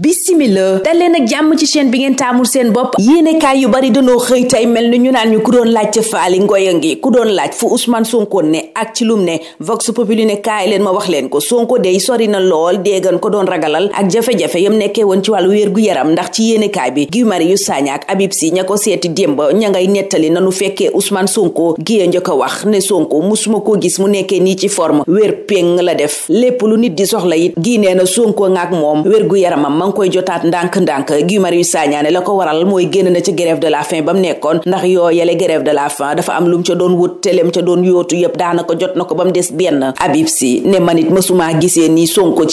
bisimila daleen ak jàmm ci seen bi ngeen taamul seen bopp yéenekaay yu bari danoo xëy tey mel ni ñu naan ñu ku doon laaj ca faali a ngi ku doon laaj fu Ousmane Sonko ne ak ci lum ne vox populi ne kaay leen ma wax leen ko Sonko dey sori na lool déggan ko doon ragalal ak jafe-jafe yam nekkee woon ci wàllu wér yaram ndax ci yéenekaay bi Guy Marius Sagna ak Habib Sy ña ko seeti démba ña ngay nettali nanu fekkee Ousmane Sonko géye njëkk a wax ne Sonko musuma koo gis mu nekkee nii ci forme wér péng la def lépp lu nit di soxla it gii nee na Sonko ak moom wér gu yaramam ngi koy jotaat ndànk-ndànk Guy Marius Sagna ne la ko waral mooy génn na ci grève de la faim ba mu nekkoon ndax yoo yele de la faim dafa am lum ca doon wut telem ca doon yootu yëpp daanaka jot na ko ba mu ci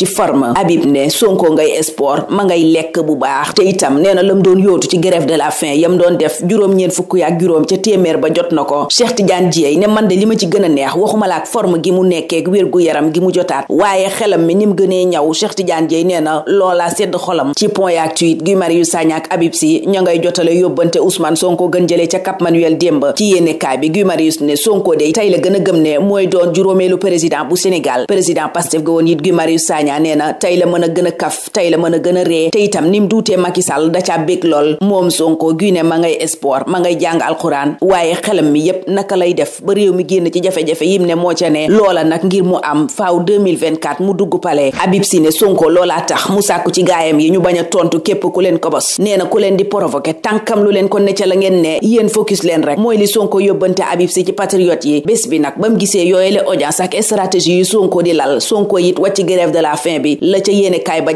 forme Habib ne Sonko ngay sport ma ngay lekk bu baax te itam nee na lam doon yootu ci grève de la faim yam doon def juróom-ñeen fukk ak juróom ca téeméer ba jot na ko Cheikh Tidiane Dieye ne man de li ma ci gën a neex waxuma laak forme gi mu nekkeek wér gu yaram gi mu jotaat waaye xelam mi ni mu gënee ñaw Cheikh Tidiane Dieye xolam ci point actu it Guy Marius Sagna ak Habib Sy ña ngay jotale yóbbante Ousmane Sonko gën jëlee ca Cap Manuel démb ci yéene kaay bi Guy Marius ne Sonko dey tey la gën a gëm ne mooy doon juróomeelu président bu Sénégal président Pastef ga woon Guy Marius Sagna nee na la mën a gën a kaf tey la mën a gën a ree te itam nim duutee Macky Sall da ca bég lool moom Sonko Guy ne ma ngay espoir ma ngay jàng alxuraan waaye xelam mi yépp naka lay def ba réew mi génn ci jafe-jafe yim ne moo ca loola nag ngir mu am faaw 2024 mu dugg palais mu sàkku ci gaay gaayam yi ñu bañ a tontu képp ku leen ko bos nee ku leen di provoqué tànkam lu leen ko necca la ngeen ne yéen focus leen de la faim bi la ca yéene kaay ba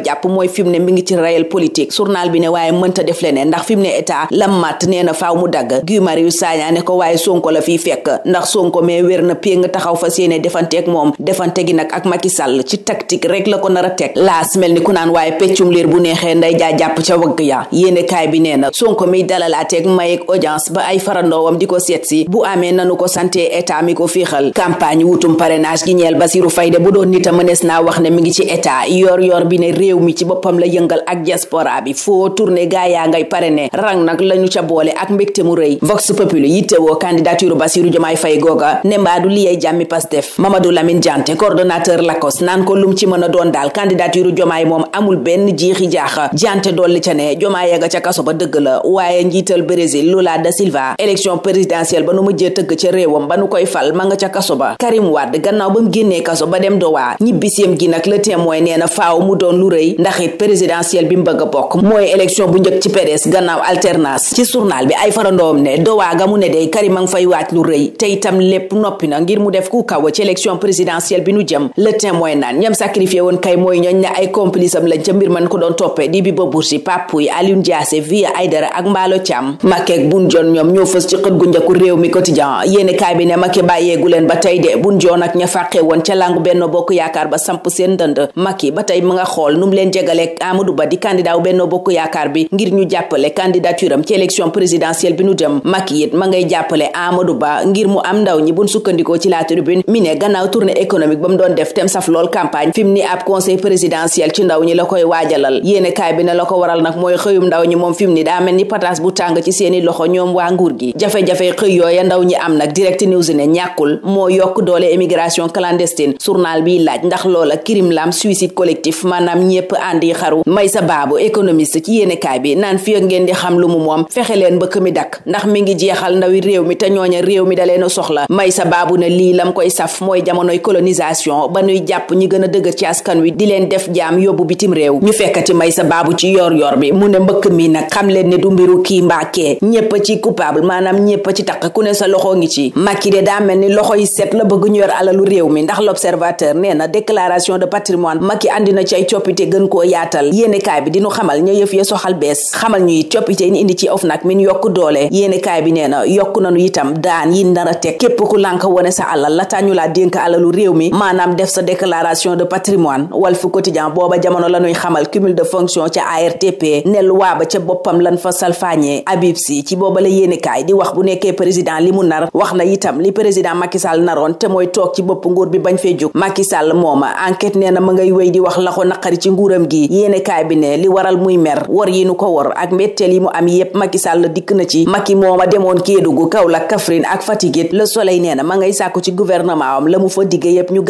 mat nee na mu dagg Guy Marius Sagna ne ko waaye sonko la fiy fekk ndax sonko mais wér na pie taxaw fa séene defanteeg moom defante gi nag ak Macky ci tactique rek la ko nar a teg laas mel ni ku naan waaye peccum li wér bu neexee nday jaa jàpp ca wagg ya yéene kaay bi nee na sonko mi dalalaateeg mayeg audience ba ay farandoowam di ko seet si bu amee nanu ko santé état mi ko fiixal campagne wutum parrainage gi ñeel Basiru Fayde bu doon naa wax ne mi ngi ci état yor yor bi ne réew mi ci boppam la yëngal ak diaspora bi foo tourné gaa yaa ngay parrainé rang nag lañu ca boole ak mbégte mu rëy vox populi yittewoo candidature Basiru Jomaay Fay googa ne mbaadu liyey jàmmi Pastef Mamadou Lamine Diante coordonnateur lakos naan ko lum ci mën a doon daal candidature Jomaay moom amul benn ji jiixi jaaxa jante dolli ca ne jomaa ya ca kaso ba dëgg la waaye njiital Brésil Lula da Silva élection présidentielle ba nu mujjee tëgg ca réewam ba nu koy fal ma nga ca kaso ba Karim Wade gannaaw ba mu génnee kaso ba dem Doha ñibbiseem gi nag Le Témoin nee na faaw mu doon lu rëy ndax it présidentielle bi mu bëgg a bokk mooy élection bu njëkk ci PDS gannaaw alternance ci journal bi ay farandoom ne Doha ga mu ne day Karim a fay waaj lu rëy te doon toppee di Bibo Bourgi Pape Pouye Alioune Diassé Vieux Aïdara ak Mballo Thiam Macky ak Boun ñoom ñoo fës ci xët gu njëkku réew mi quotidien yéeni kaay bi ne Macky bàyyeegu leen ba tey de Boun Dionne ak ña fàqee woon ca langu Benno Bokk Yaakaar ba samp seen ndënd Macky ba tey mu nga xool nu mu leen jegaleeg Amadou Ba di candidat wu Benno Bokk Yaakaar bi ngir ñu jàppale candidature am ci élection présidentielle bi nu jëm Macky it ma ngay jàppale Amadou Ba ngir mu am ndaw ñi buñ sukkandikoo ci la tribune mi ne gannaaw tournée économique ba mu doon def tem saf lool campagne fi mu ni ab conseil ci ndaw ñi la koy waajalal waral yéene kaay bi ne la ko waral nag mooy xëyum ndaw ñi moom fi ni daa mel ni pataas bu tàng ci seeni loxo ñoom waa nguur gi jafe-jafe xëy yooya ndaw ñi am nag direct news ne ñàkkul moo yokk doole émigration clandestine journal biy laaj ndax loola crime lam suicide collectif maanaam ñépp àndi xaru may sa baabu économiste ci yéene kaay bi naan fi ngeen di xam lu mu moom fexe leen mbëkk mi dakk ndax mi ngi jeexal ndawi réew mi te ñooña réew mi da leen a soxla may sa baabu ne lii lam koy saf mooy jamonoy colonisation ba nuy jàpp ñi gën a wi di leen yëkkati may sa baabu ci yor yor bi mu ne mbëkk mi nag xam leen ne du mbiru kii mbaakee ñépp ci coupable maanaam ñépp ci taq ku ne sa loxo ngi ci Macky de daa mel ni loxo yi set la bëgg ñu yor alalu réew mi ndax l'observateur nee na déclaration de patrimoine Macky andi na ci ay coppite gën koo yaatal yéenekaay bi dinu xamal ña yëf ya soxal bees xamal ñuy coppite yi indi ci OFNAC min yokk doole yéenekaay bi nee na yokk nanu itam daan yi nar a képp ku lànk wone sa alal la tàñu alalu réew mi maanaam def sa déclaration de patrimoine Walf Quotidien booba jamono la ñuy xamal cumul cumul de fonction ca ARTP ne luwaa ba ca boppam lan fa salfaañee Habib Sy ci booba la yéenekaay di wax bu nekkee président li mu nar wax na itam li président Macky Sall naroon te mooy toog ci bopp nguur bi bañ fee jóg Macky mooma enquête nee ma ngay wéy di wax la na naqari ci nguuram gi yéenekaay bi ne li waral muy mer wor yi nu ko wor ak mbetteel yi mu am yépp Macky Sall dikk na ci Macky mooma demoon Kédougou Kaolack Kaffrine ak Fatick Le Soleil nee na ma ngay sàkku ci gouvernement am la mu fa digge yépp ñu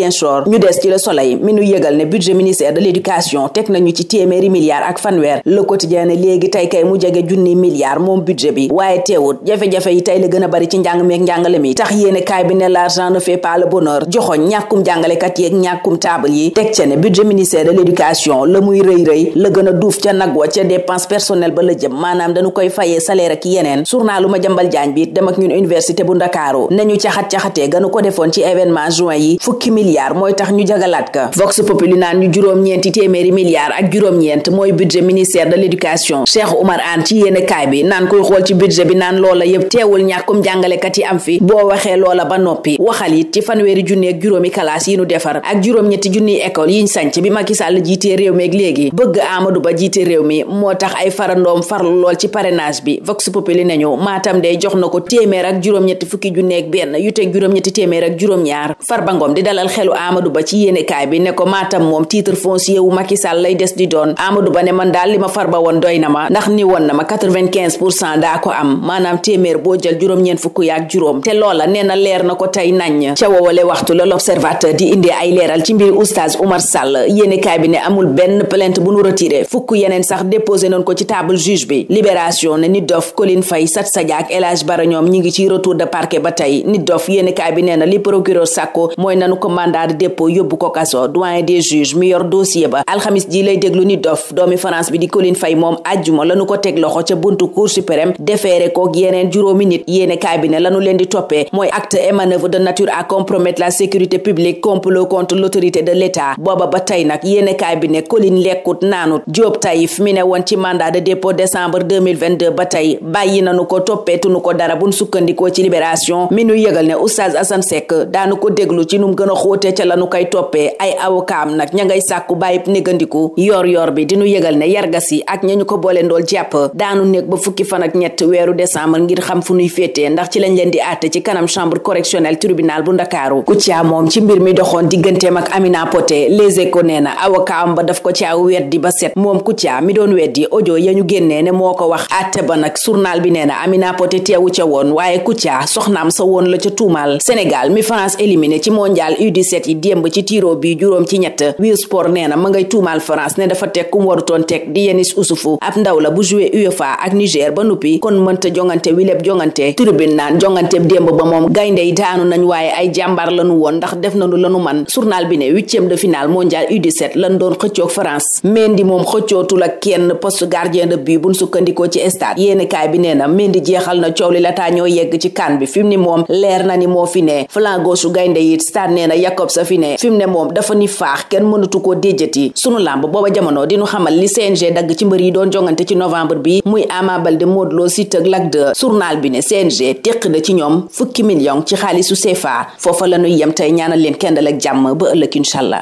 Ziguinchor ñu des ci le soleil mi nu yëgal ne budget ministère de l'éducation teg nañu ci téeméeri milliards ak fanweer le quotidien ne léegi tey kay mu jege junni milliards moom budget bi waaye teewut jafe-jafe yi tey la gën a bari ci njàng meeg njàngale mi tax yéene kaay bi ne l'argent ne fait pas le joxoñ ñàkkum jàngalekat yeeg ñàkkum taabal yi teg ca ne budget ministère de l'éducation la muy rëy-rëy la gën a duuf ca nag wa ca dépense personnelle ma jambal jaañ bi dem ak ñun université bu milliards mooy tax ñu jagalaat ka vox populi naan ñu juróom-ñeenti téeméeri milliards ak juróom-ñeent mooy budget ministère de l'éducation Cheikh Oumar Anne ci yéene kaay bi naan koy xool ci budget bi naan loola yëpp teewul ñàkkum jàngalekat yi am fi boo waxee loola ba noppi waxal it ci fanweeri junni ak juróomi kalaas yi nu defar ak juróom-ñetti junni école yiñ sanc bi Macky Sall jiitee réew mi ak léegi bëgg Amadou Ba jiite réew mi moo tax ay farandoom farlu lool ci parrainage bi vox populi nañu maatam day jox na ko téeméer ak juróom-ñetti fukki junneeg benn yu teg juróom-ñetti téeméer ak juróom xelu Amadou Ba ci yéenekaay bi ne ko Matam moom titre foncier wu Macky Sall lay des di doon Amadou Ba ne man daal li ma Farba woon doy na ma ndax ni woon na ma 95 pour cent daa ko am maanaam téeméer boo jël juróom-ñeent fukk yaak juróom te loola nee na leer na ko tey nañ ca woowale waxtu la l'observateur di indi ay leeral ci mbiri oustaz Oumar Sall yéenekaay bi ne amul benn plainte bu nu retiré fukk yeneen sax déposé noonu ko ci table juge bi libération ne nit ngi ci retour de parquet mandat de dépôt yóbbu ko kaso doyen des juges mi yor dossier ba alxamis ji lay déglu nit dof doomi France bi di Colin Fay moom àjjuma lañu ko teg loxo ca buntu cour suprême defeere kook yeneen juróomi nit yéene cabinet lañu leen di toppee mooy acte et manœuvre de nature à compromettre la sécurité publique complot contre l'autorité de l'État booba ba tey nag yéene cabinet Colin lekkut naanut Jóob Tayif mi ne woon ci mandat de dépôt décembre ba tey bàyyi xóote ca lanu koy toppee ay awokaam nag ña ngay sàkku bàyyib négandiku yor yor bi dinu yëgal ne yargas yi ak ña ñu ko boole ndool jàpp daanu nekk ba fukki fan ñett weeru décembre ngir xam fu nuy féetee ndax ci lañ leen di àtte ci kanam chambre correctionnelle tribunal bu ndakaaru Kouthia moom ci mbir mi doxoon digganteem ak Amina Poté Les Échos nee na awokaam ba daf ko caa weddi ba set moom Kouthia mi doon weddi audio ya ñu génnee ne moo ko wax àtte ba nag journal bi nee na Amina Poté ca woon waaye Kouthia soxnaam sa woon la u ma ngay tuumaal France ne dafa teg ba moom gaynde yi daanu nañ waaye ay jàmbaar lañu woon ndax def nañu lañu man journal bi ne huitième de finale mondial U17 lan doon xëccoog France Mendy moom xëccootul ak kenn poste gardien de but buñ sukkandikoo ci stade yéeni kaay bi nee na jeexal na coow li lataa ñoo yegg ci kan bi fi ni moom leer na ni moo fi ne flanc gaynde yi stade nee Jacobs fi ne fi ne moom dafa ni faax kenn mënatu koo déjjati sunu làmb booba jamono dinu xamal li CNG dagg ci mbër yi doon jongante ci novembre bi muy Ama Baldé Modou Lô Siteu ak Lac 2 bi ne CNG teq na ci ñoom fukki million ci xaalisu CFA foofa la ñuy yem tey ñaanal leen kenn ak jàmm ba ëllëg incha allah